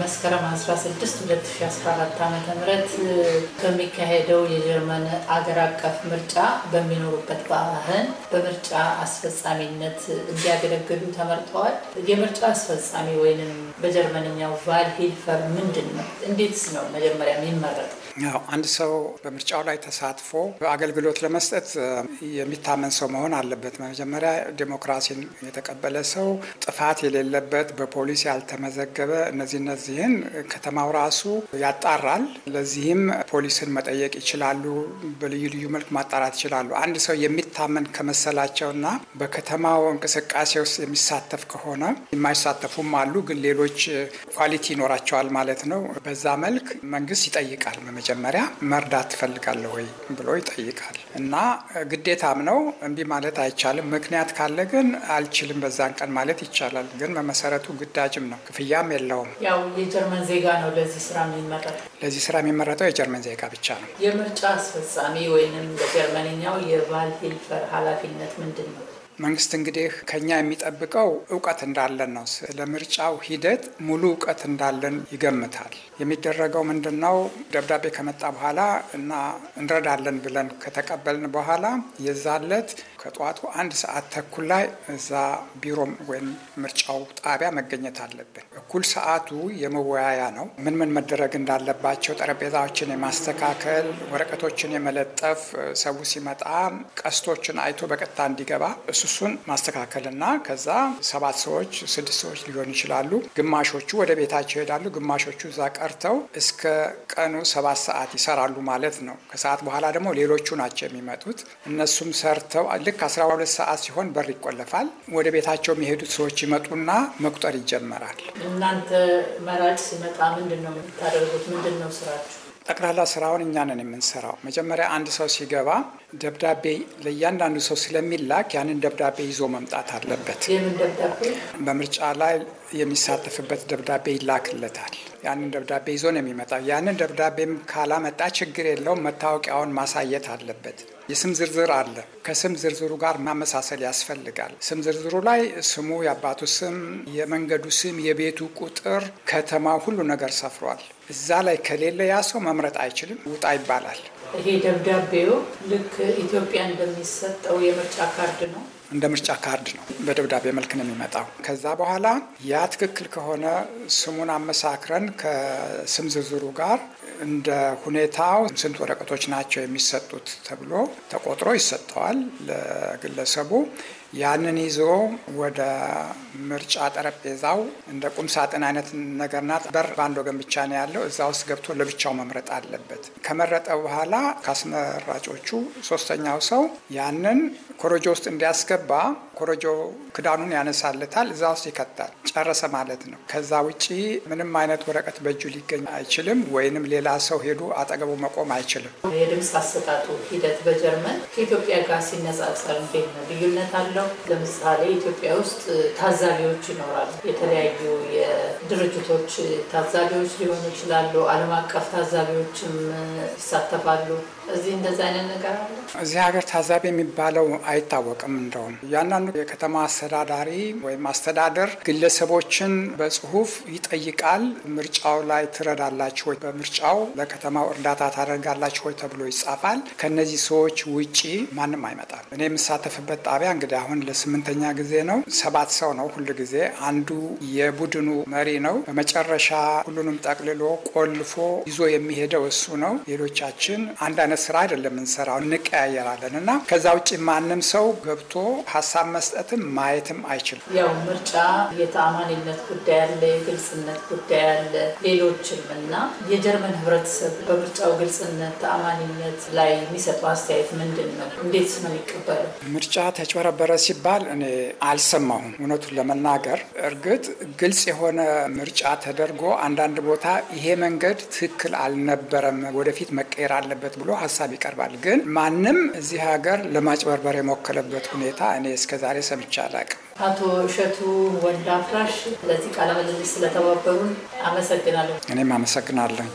መስከረም 16 2014 ዓ ም በሚካሄደው የጀርመን አገር አቀፍ ምርጫ በሚኖሩበት ባህን በምርጫ አስፈጻሚነት እንዲያገለግሉ ተመርጠዋል። የምርጫ አስፈጻሚ ወይንም በጀርመንኛው ቫል ሂልፈር ምንድን ነው? እንዴትስ ነው መጀመሪያ የሚመረጥ? ያው አንድ ሰው በምርጫው ላይ ተሳትፎ አገልግሎት ለመስጠት የሚታመን ሰው መሆን አለበት። መጀመሪያ ዴሞክራሲን የተቀበለ ሰው፣ ጥፋት የሌለበት፣ በፖሊስ ያልተመዘገበ እነዚህ እነዚህን ከተማው ራሱ ያጣራል። ለዚህም ፖሊስን መጠየቅ ይችላሉ። በልዩ ልዩ መልክ ማጣራት ይችላሉ። አንድ ሰው የሚታመን ከመሰላቸውና በከተማው እንቅስቃሴ ውስጥ የሚሳተፍ ከሆነ የማይሳተፉም አሉ፣ ግን ሌሎች ኳሊቲ ይኖራቸዋል ማለት ነው። በዛ መልክ መንግስት ይጠይቃል። በመጀመሪያ መርዳት ትፈልጋለህ ወይ ብሎ ይጠይቃል እና ግዴታም ነው። እምቢ ማለት አይቻልም። ምክንያት ካለ ግን አልችልም በዛን ቀን ማለት ይቻላል። ግን በመሰረቱ ግዳጅም ነው፣ ክፍያም የለውም። የጀርመን ዜጋ ነው ለዚህ ስራ የሚመረጠው? ለዚህ ስራ የሚመረጠው የጀርመን ዜጋ ብቻ ነው። የምርጫ አስፈጻሚ ወይንም በጀርመንኛው የቫል ሂልፈር ኃላፊነት ምንድን ነው? መንግስት እንግዲህ ከኛ የሚጠብቀው እውቀት እንዳለን ነው። ስለምርጫው ሂደት ሙሉ እውቀት እንዳለን ይገምታል። የሚደረገው ምንድን ነው? ደብዳቤ ከመጣ በኋላ እና እንረዳለን ብለን ከተቀበልን በኋላ የዛለት ከጠዋቱ አንድ ሰዓት ተኩል ላይ እዛ ቢሮም ወይም ምርጫው ጣቢያ መገኘት አለብን። እኩል ሰዓቱ የመወያያ ነው። ምን ምን መደረግ እንዳለባቸው፣ ጠረጴዛዎችን የማስተካከል፣ ወረቀቶችን የመለጠፍ፣ ሰው ሲመጣ ቀስቶችን አይቶ በቀጥታ እንዲገባ እሱሱን ማስተካከልና ከዛ ሰባት ሰዎች ስድስት ሰዎች ሊሆን ይችላሉ። ግማሾቹ ወደ ቤታቸው ይሄዳሉ። ግማሾቹ እዛ ቀርተው እስከ ቀኑ ሰባት ሰዓት ይሰራሉ ማለት ነው። ከሰዓት በኋላ ደግሞ ሌሎቹ ናቸው የሚመጡት። እነሱም ሰርተው ልክ 12 ሰዓት ሲሆን በር ይቆለፋል። ወደ ቤታቸው የሚሄዱት ሰዎች ይመጡና መቁጠር ይጀመራል። እናንተ መራጭ ሲመጣ ምንድን ነው የምታደርጉት? ምንድን ነው ስራችሁ? ጠቅላላ ስራውን እኛ ነን የምንሰራው። መጀመሪያ አንድ ሰው ሲገባ ደብዳቤ ለእያንዳንዱ ሰው ስለሚላክ ያንን ደብዳቤ ይዞ መምጣት አለበት። በምርጫ ላይ የሚሳተፍበት ደብዳቤ ይላክለታል። ያንን ደብዳቤ ይዞ ነው የሚመጣው። ያንን ደብዳቤም ካላመጣ ችግር የለውም። መታወቂያውን ማሳየት አለበት። የስም ዝርዝር አለ። ከስም ዝርዝሩ ጋር ማመሳሰል ያስፈልጋል። ስም ዝርዝሩ ላይ ስሙ፣ የአባቱ ስም፣ የመንገዱ ስም፣ የቤቱ ቁጥር፣ ከተማ ሁሉ ነገር ሰፍሯል። እዛ ላይ ከሌለ ያ ሰው መምረጥ አይችልም። ውጣ ይባላል። ይሄ ደብዳቤው ልክ ኢትዮጵያ እንደሚሰጠው የምርጫ ካርድ ነው። እንደ ምርጫ ካርድ ነው በደብዳቤ መልክ ነው የሚመጣው። ከዛ በኋላ ያ ትክክል ከሆነ ስሙን አመሳክረን ከስም ዝርዝሩ ጋር እንደ ሁኔታው ስንት ወረቀቶች ናቸው የሚሰጡት ተብሎ ተቆጥሮ ይሰጠዋል ለግለሰቡ። ያንን ይዞ ወደ ምርጫ ጠረጴዛው እንደ ቁም ሳጥን አይነት ነገር ናት። በር በአንድ ወገን ብቻ ነው ያለው። እዛ ውስጥ ገብቶ ለብቻው መምረጥ አለበት። ከመረጠ በኋላ ከአስመራጮቹ ሶስተኛው ሰው ያንን ኮረጆ ውስጥ እንዲያስገባ ኮረጆ ክዳኑን ያነሳልታል፣ እዛ ውስጥ ይከታል። ጨረሰ ማለት ነው። ከዛ ውጪ ምንም አይነት ወረቀት በእጁ ሊገኝ አይችልም። ወይንም ሌላ ሰው ሄዱ አጠገቡ መቆም አይችልም። የድምፅ አሰጣጡ ሂደት በጀርመን ከኢትዮጵያ ጋር ሲነጻጸር እንዴት ነው? ልዩነት አለው? ነው። ለምሳሌ ኢትዮጵያ ውስጥ ታዛቢዎች ይኖራሉ። የተለያዩ የድርጅቶች ታዛቢዎች ሊሆኑ ይችላሉ። ዓለም አቀፍ ታዛቢዎችም ይሳተፋሉ። እዚህ እንደዚህ አይነት ነገር አለ። እዚህ ሀገር ታዛቢ የሚባለው አይታወቅም። እንደውም ያንዳንዱ የከተማ አስተዳዳሪ ወይም አስተዳደር ግለሰቦችን በጽሁፍ ይጠይቃል። ምርጫው ላይ ትረዳላችሁ ወይ፣ በምርጫው ለከተማው እርዳታ ታደርጋላችሁ ወይ ተብሎ ይጻፋል። ከነዚህ ሰዎች ውጪ ማንም አይመጣም። እኔ የምሳተፍበት ጣቢያ እንግዲህ አሁን አሁን ለስምንተኛ ጊዜ ነው። ሰባት ሰው ነው ሁሉ ጊዜ። አንዱ የቡድኑ መሪ ነው። በመጨረሻ ሁሉንም ጠቅልሎ ቆልፎ ይዞ የሚሄደው እሱ ነው። ሌሎቻችን አንድ አይነት ስራ አይደለም እንሰራው፣ እንቀያየራለን እና ከዛ ውጭ ማንም ሰው ገብቶ ሀሳብ መስጠትም ማየትም አይችልም። ያው ምርጫ የተአማኒነት ጉዳይ አለ፣ የግልጽነት ጉዳይ አለ፣ ሌሎችም እና የጀርመን ህብረተሰብ በምርጫው ግልጽነት ተአማኒነት ላይ የሚሰጠው አስተያየት ምንድን ነው? እንዴት ነው የሚቀበለው? ምርጫ ተጭበረበረ ሲባል እኔ አልሰማሁም እውነቱን ለመናገር። እርግጥ ግልጽ የሆነ ምርጫ ተደርጎ አንዳንድ ቦታ ይሄ መንገድ ትክክል አልነበረም፣ ወደፊት መቀየር አለበት ብሎ ሀሳብ ይቀርባል። ግን ማንም እዚህ ሀገር ለማጭበርበር የሞከለበት ሁኔታ እኔ እስከዛሬ ሰምቼ አላቅም። አቶ እሸቱ ወልደ አፍራሽ ለዚህ ቃለ ምልልስ ስለተባበሩን አመሰግናለሁ። እኔም አመሰግናለሁ።